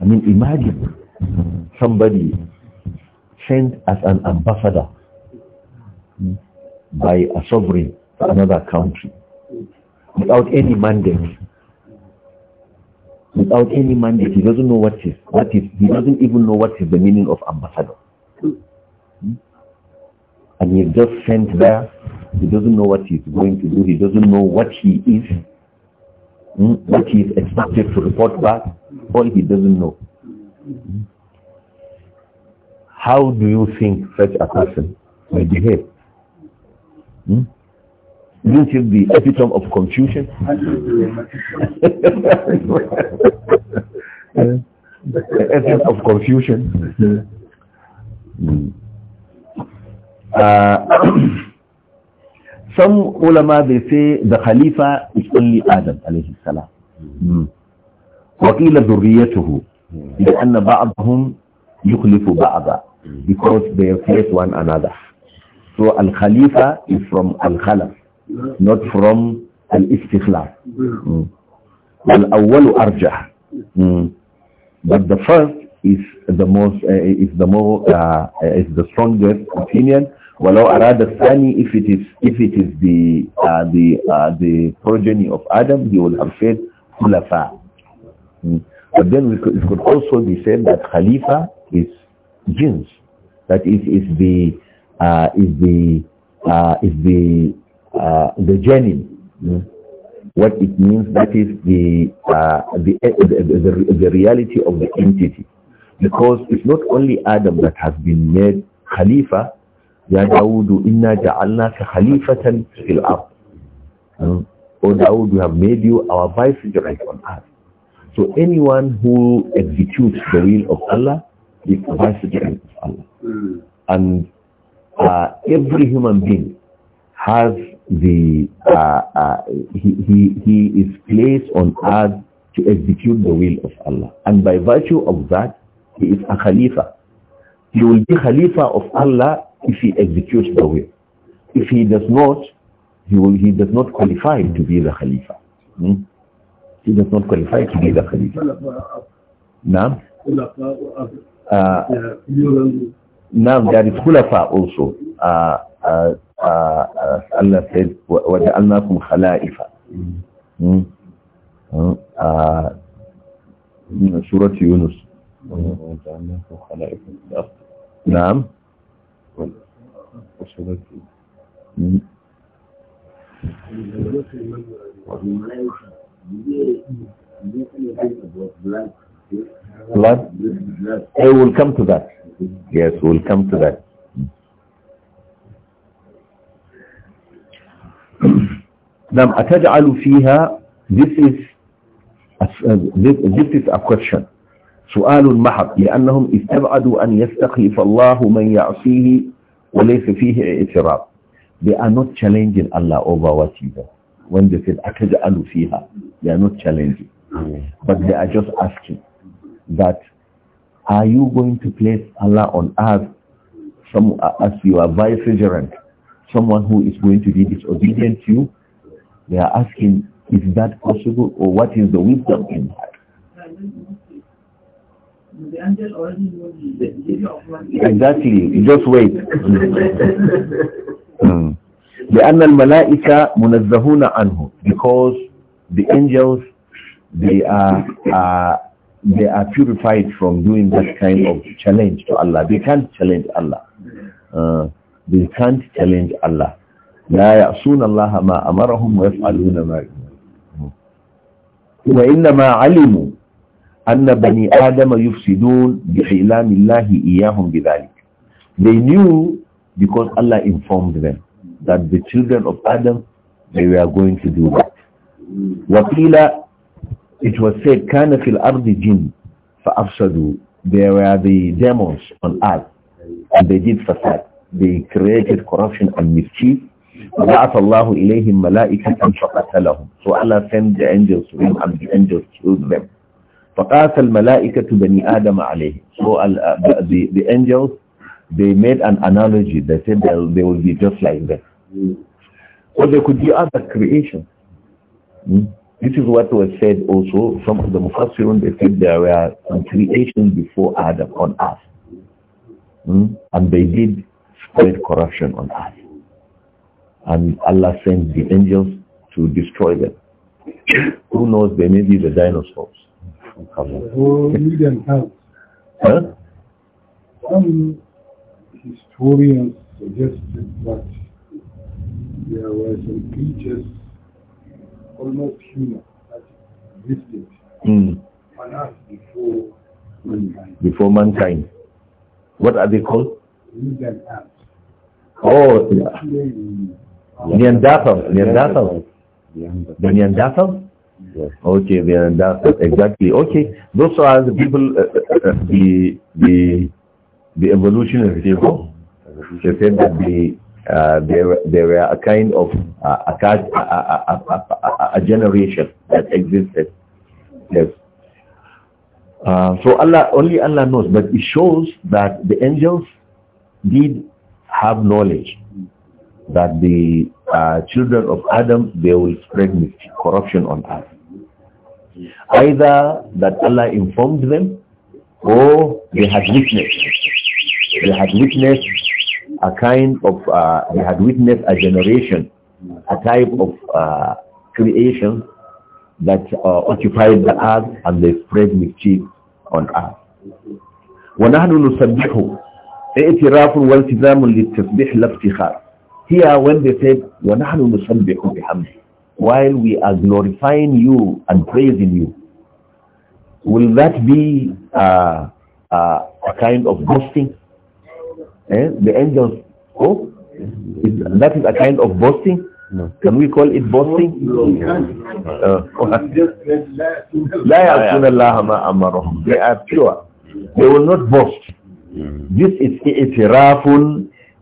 I mean, imagine somebody sent as an ambassador hmm, by a sovereign to another country without any mandate. Without any mandate, he doesn't know what is, what is, he doesn't even know what is the meaning of ambassador. Hmm? And he's just sent there he doesn't know what he's going to do. He doesn't know what he is, hmm, what he is expected to report back. All he doesn't know. How do you think such a person will behave? Hmm? Isn't it the epitome of confusion? [laughs] epitome of confusion. Hmm. Uh, [clears throat] some ulama they say the khalifa is only Adam alayhi salam وقيل ذريته لأن بعضهم يخلف بعضا because they face one another so al-khalifa is from al-khalaf not from al-istikhlaf al-awwal arjah but the first is the most uh, is the more uh, is the strongest opinion Well, arada sani, if it is, if it is the, uh, the, uh, the progeny of Adam, he will have said khulafa. But then we could, it could also be said that khalifa is jins. That is, is the, uh, is the, is the, the genie. What it means, that is the, the, the, the, the reality of the entity. Because it's not only Adam that has been made Khalifa, ya Dawudu inna ja'alnaka khalifatan fil ard O hmm? oh we have made you our vicegerent on earth. So anyone who executes the will of Allah is a vicegerent of Allah. And uh, every human being has the, uh, uh, he, he, he is placed on earth to execute the will of Allah. And by virtue of that, he is a khalifa. He will be khalifa of Allah if he executes the will. If he does not, he, will, he does not qualify to be the Khalifa. Hmm? He does not qualify to be the Khalifa. Now, uh, now there is Khulafa also. Uh, uh, uh, Allah said, وَجَعَلْنَاكُمْ خَلَائِفَ hmm? uh, Surah Yunus. نعم والشباب Blood? I will come to that. Yes, we'll come to that. نعم أتجعل فيها this is a, this, this is a question سؤال محض لأنهم استبعدوا أن يستخلف الله من يعصيه وليس فيه اعتراض They are not challenging Allah over what he does. When they said, أَتَجْعَلُ فِيهَا They are not challenging. But they are just asking that, are you going to place Allah on earth some, as your vicegerent, someone who is going to be disobedient to you? They are asking, is that possible or what is the wisdom in that? The angel already knew Exactly. Just wait. [laughs] mm. لأن الملائكة منزهون عنه because the angels they are, are they are purified from doing that kind of challenge to Allah. They can't challenge Allah. Uh, they can't challenge Allah. لا يعصون الله ما أمرهم ويفعلون ما يؤمرون hmm. وإنما علموا anna bani adam yufsidun bi'ilamillahi iyahum bidhalik. They knew because Allah informed them that the children of Adam, they were going to do that. Waqila, it was said, kana fil ardi jinn fa'afsadu. There were the demons on earth and they did fasad. They created corruption and mischief. وَبَعَثَ اللَّهُ إِلَيْهِمْ مَلَائِكَةً فَقَتَلَهُم So Allah sent the angels to them and the angels killed them so uh, the, the angels they made an analogy they said they will be just like them or they could be other creations hmm? this is what was said also some of the mufassirun they said there were some creations before adam on earth hmm? and they did spread corruption on earth and allah sent the angels to destroy them who knows they may be the dinosaurs or read them out. Huh? Some historians suggested that there were some creatures almost human that existed mm. on earth before mankind. Before mankind. What are they called? Neanderthals. Oh, yeah. Neanderthals. Neanderthals. The Neanderthals? Yes. Okay, then that exactly okay. Those are the people, uh, uh, uh, the the the evolutionary people. They said that the uh, there there were a kind of uh, a, a, a, generation that existed. Yes. Uh, so Allah only Allah knows, but it shows that the angels did have knowledge that the children of Adam they will spread corruption on earth. Either that Allah informed them or they had witnessed. They had witnessed a kind of, uh, they had witnessed a generation, a type of uh, creation that uh, occupied the earth and they spread mischief on earth. ونحن نسبحه اعتراف والتزام للتسبيح لا افتخار here when they said ونحن نسبح بحمده while we are glorifying you and praising you will that be uh, uh, a kind of boasting? Eh? The angels, oh, is, that is a kind of boasting? No. Can we call it boasting? لا uh, [laughs] They are pure. They will not boast. This is اعتراف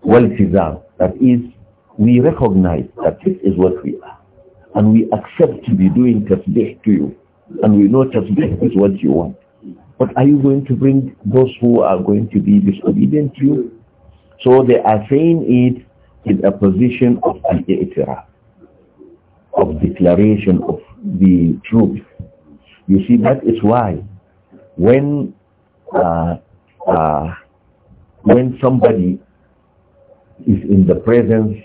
والتزام. That is, we recognize that this is what we are. And we accept to be doing tasbih to you and we know just is what you want. But are you going to bring those who are going to be disobedient to you? So they are saying it in a position of an itiraf of declaration of the truth. You see, that is why when uh, uh, when somebody is in the presence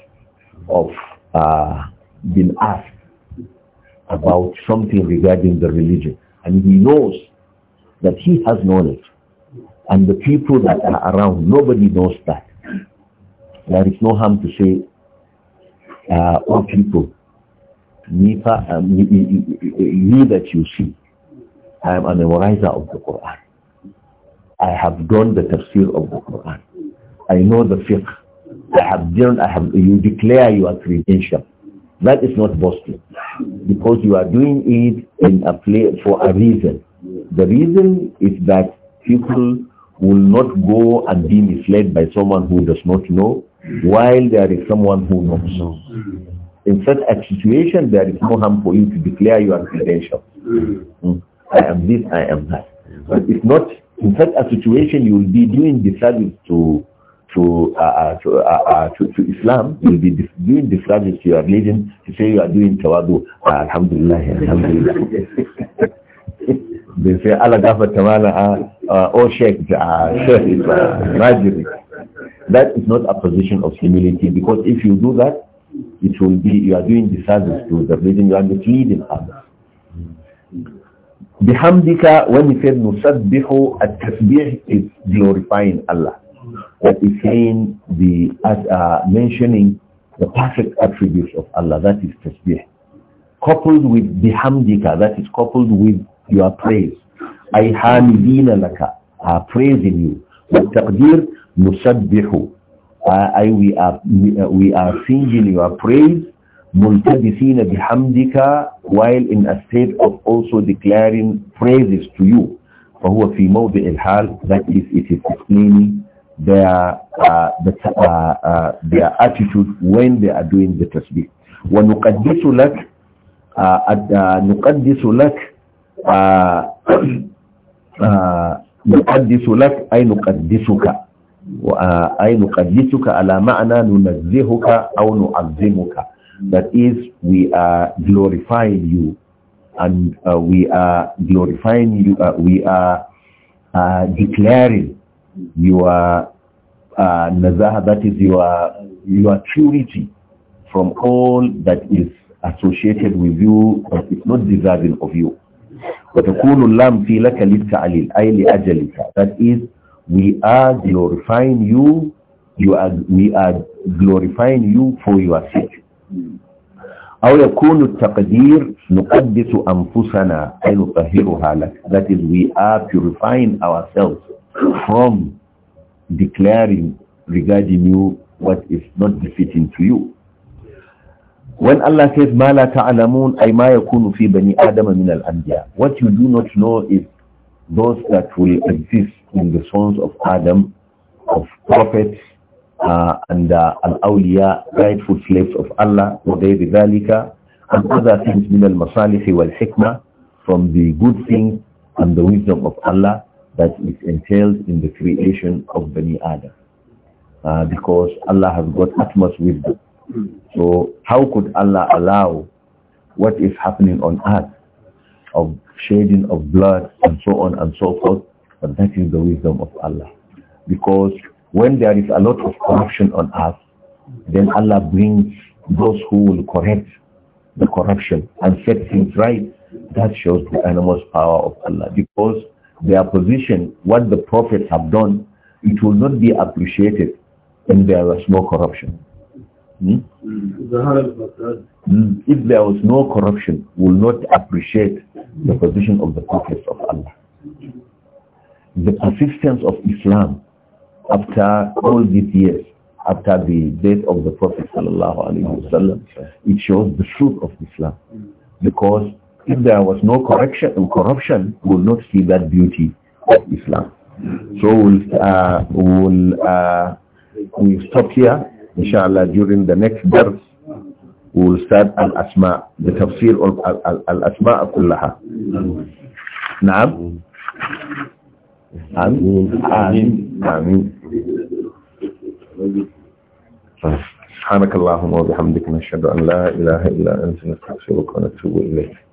of uh, being asked about something regarding the religion. And he knows that he has knowledge. And the people that are around, nobody knows that. There is no harm to say, uh, all people, me, um, me that you see, I am a memorizer of the Quran. I have done the tafsir of the Quran. I know the fiqh. I have done, I have, you declare your credential. That is not boasting because you are doing it in a play for a reason. The reason is that people will not go and be misled by someone who does not know while there is someone who knows. In such a situation, there is no harm for you to declare your credentials. Mm. I am this, I am that. But if not, in such a situation, you will be doing disservice to to, uh, uh to, uh, uh, to, to, Islam, you'll be doing disservice to your religion to say you are doing tawadu. Ah, alhamdulillah, [laughs] alhamdulillah. they say, Allah gafar tamana, ah, ah, oh sheikh, sheikh is Rajiri. That is not a position of humility because if you do that, it will be, you are doing disservice to the religion, you are misleading others. Bihamdika, when you said, نُسَبِّحُ, at tasbih is glorifying Allah that is saying the uh, mentioning the perfect attributes of Allah, that is tasbih. Coupled with bihamdika, that is coupled with your praise. I حامدين لك, are praising you. Al-taqdir musabbihu. I, we are uh, we are singing your praise multabisina bihamdika while in a state of also declaring praises to you فهو في موضع الحال that is it is explaining their uh, the, uh, uh, their attitude when they are doing the tasbih wa nuqaddisu lak nuqaddisu lak nuqaddisu lak ay nuqaddisuka ay nuqaddisuka ala ma'na nunazzihuka aw nu'azzimuka that is we are glorifying you and uh, we are glorifying you uh, we are uh, declaring your uh, nazaha, that is your, your purity from all that is associated with you but is not deserving of you. وتكون اللام في لك للتعليل أي لأجلك that is we are glorifying you you are we are glorifying you for your sake أو يكون التقدير نقدس أنفسنا أي نطهرها لك that is we are purifying ourselves from declaring regarding you what is not befitting to you. When Allah says, مَا لَا تَعْلَمُونَ أَيْ مَا يَكُونُ فِي بَنِي آدَمَ مِنَ الْأَنْبِيَا What you do not know is those that will exist in the sons of Adam, of prophets, uh, and uh, al-awliya, rightful slaves of Allah, وَغَيْرِ ذَلِكَ and other things مِنَ الْمَصَالِحِ وَالْحِكْمَةِ from the good things and the wisdom of Allah that is entailed in the creation of Bani Adam. Uh, because Allah has got utmost wisdom. So how could Allah allow what is happening on earth of shedding of blood and so on and so forth? But that is the wisdom of Allah. Because when there is a lot of corruption on earth, then Allah brings those who will correct the corruption and set things right. That shows the enormous power of Allah. Because their position, what the prophets have done, it will not be appreciated and there was no corruption. Hmm? Mm. If there was no corruption, will not appreciate the position of the prophets of Allah. The persistence of Islam after all these years, after the death of the Prophet it shows the truth of Islam because if there was no correction, corruption, we will not see that beauty of Islam. So we'll, uh, we'll, uh, we'll stop here, inshallah, during the next verse. We'll start al-asma, the tafsir of al-asma of kullaha. Naam. Ameen. Ameen. Ameen. سبحانك اللهم وبحمدك نشهد أن لا إله إلا أنت نستغفرك ونتوب إليك